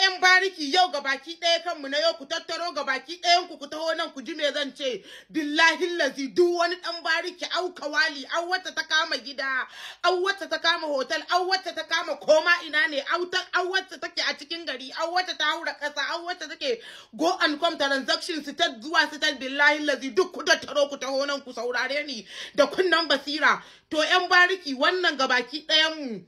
'yan bariki yau ga baki ɗaya kanmu na yau ku tattaro ga baki ɗayan ku ku taho nan ku ji me zan ce billahi lazi duk wani ɗan bariki au kawali au wata ta kama gida au wata ta kama hotel au wata ta kama koma ina ne au ta au wata take a cikin gari au wata ta haura kasa au wata take go and come transaction su ta zuwa su ta billahi lazi duk ku tattaro ku taho nan ku saurare ni da kunnan basira to 'yan bariki wannan ga baki ɗayan mu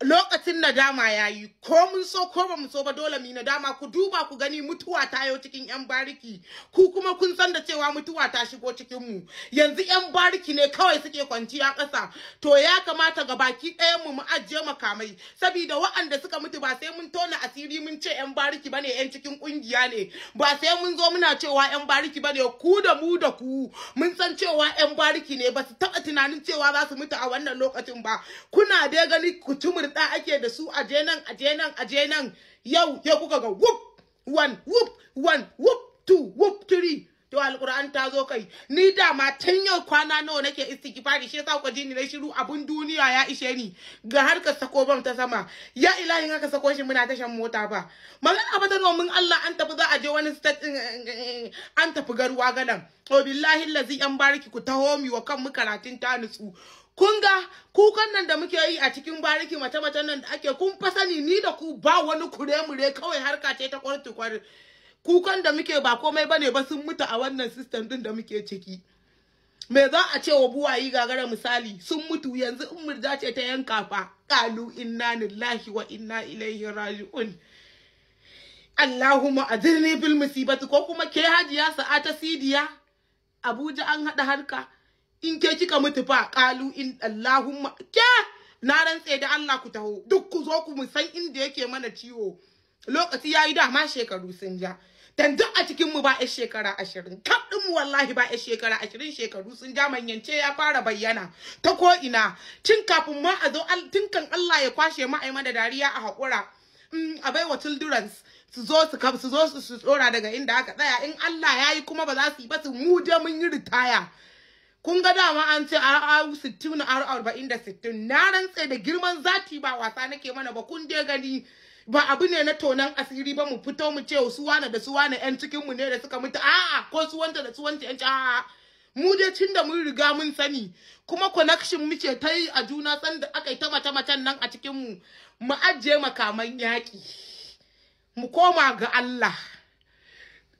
lokacin nadama yayi ko mun so ko ba mu so ba dole mu nadama ku duba ku gani mutuwa ta yau cikin yan bariki ku kuma kun san da cewa mutuwa ta shigo cikin mu yanzu yan bariki ne kawai suke kwanciya ƙasa to ya kamata ga baki ɗayan mu mu ajiye makamai saboda waɗanda suka mutu ba sai mun tona asiri mun ce yan bariki bane yan cikin kungiya ne ba sai mun zo muna cewa yan bariki bane ku da mu da ku mun san cewa yan bariki ne ba su taɓa tunanin cewa za su mutu a wannan lokacin ba kuna dai gani ku murda ake da su aje nan aje nan aje nan yau ke kuka ga whoop one whoop one whoop two whoop three to alquran ta zo kai ni da ma tun yau kwana nawa nake istighfari shi yasa ku ji ni na shiru abun duniya ya ishe ni ga harkar sako bam ta sama ya ilahi haka sako shi muna tashan mota ba magana ba ta nomin Allah an tafi za a je wani state eh, eh, eh, an tafi garuwa galan to billahi allazi an bariki ku taho mi wa kan mu karatun ta nutsu kun ga kukan nan da muke yi a cikin bariki mace mace nan da ake kun fa sani ni da ku ba wani kure-mure kawai harka ce ta kwarti-kwari kukan da muke ba komai ba ne ba sun mutu a wannan system din da muke ciki me za a ce wa buwayi gagara misali sun mutu yanzu in murja ce ta yanka fa qalu inna lillahi wa inna ilaihi raji'un Allahumma adirni bil musibati ko kuma ke hajiya sa'a ta sidiya Abuja an hada harka in ke kika mutu fa kalu in allahumma ke na rantse da Allah ku taho duk ku zo ku san inda yake mana ciwo lokaci yayi da ma shekaru sun ja dan duk a cikin mu ba ya shekara 20 kap din mu wallahi ba ya shekara 20 shekaru sun ja manyance ya fara bayyana ta ko ina tun kafin ma a zo tin kan Allah ya kwashe mu ai mana dariya a hakura mm, a baiwa children's su zo su kaf su zo su tsora daga inda aka tsaya in Allah yayi kuma ba za su yi ba su mu da mun yi ritaya kun ga dama an ce RR 60 na RR 40 da 60 na rantse da girman zati ba wasa nake mana ba kun je gani ba abu ne na tonan asiri ba mu fito mu ce su wane da su wane yan cikin mu ne da suka mutu a ko su wanta da su wanta yan a mu je tun da mun riga mun sani kuma connection ce ta yi a juna san da aka yi ta mace macen nan a cikin mu mu ajiye makaman yaƙi mu koma ga Allah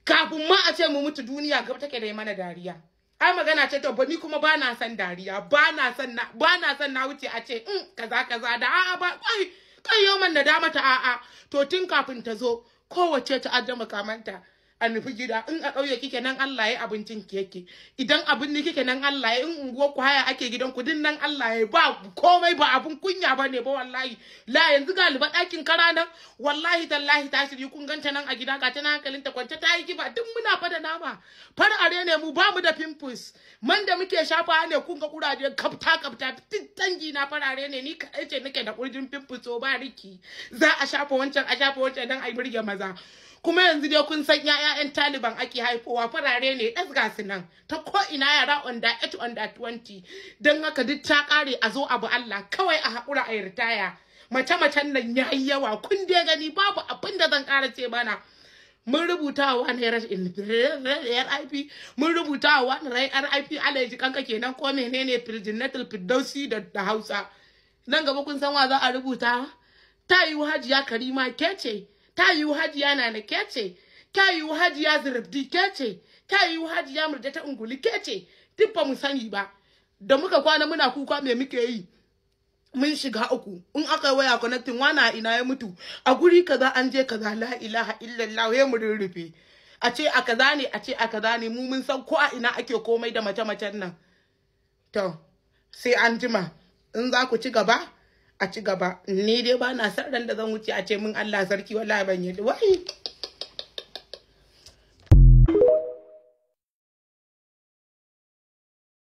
kafin ma a ce mu mutu duniya gaba take da mana dariya ai magana ce ta ni kuma ba na san dariya ba na san na ba na san na wuce a ce in mm, kaza kaza da a'a ba kai kai yau man da dama ta a'a to tun kafin ta zo kowace ta addama kamanta a nufi gida in a ɗauye kike nan Allah ya abincin ki yake idan abin ne kike nan Allah ya in unguwar ku haya ake gidan ku din nan Allah ya ba komai ba abun kunya ba ne ba wallahi la yanzu galiba ɗakin kara nan wallahi tallahi ta shirye kun ganta nan a gida ga ta hankalin ta kwance ta yi kiba duk muna fada nama far are ne mu ba mu da pimples man da muke shafa ne kun ga kuraje kafta kafta duk tangi na farare ne ni kaɗai ce nake da kurjin pimples ba riki za a shafa wancan a shafa wancan dan a yi burge maza kuma yanzu dai kun san ƴaƴan taliban ake haifowa farare ne ɗas gasu nan ta ko ina yara onda 8 onda 20 dan haka duk ta ƙare a zo abu Allah kawai a haƙura a ritaya mace-macen nan yayi yawa kun dai gani babu abin da zan ƙara ce bana. mun rubuta wa wani RIP mun rubuta wa wani RIP alaji kanka kenan ko menene firjinatul firdausi da Da Hausa nan gaba kun san wa za a rubuta ta yi hajiya karima kece ta yiwu hajiya na na kece. ce ta yiwu hajiya zirabdi kece. ce ta yiwu hajiya murda ta unguli kece. ce duk ba mu sani ba da muka kwana muna kuka me muke yi mun shiga uku in aka waya connecting wana ina ya mutu a guri kaza an je kaza la ilaha illallah ya mu rurrufe a ce a kaza ne a ce a kaza ne mu mun san ko a ina ake komai da mace-macen nan to sai an jima in za ku ci gaba a ci gaba ni dai ba na san da zan wuce a ce min Allah sarki wallahi ban yi wai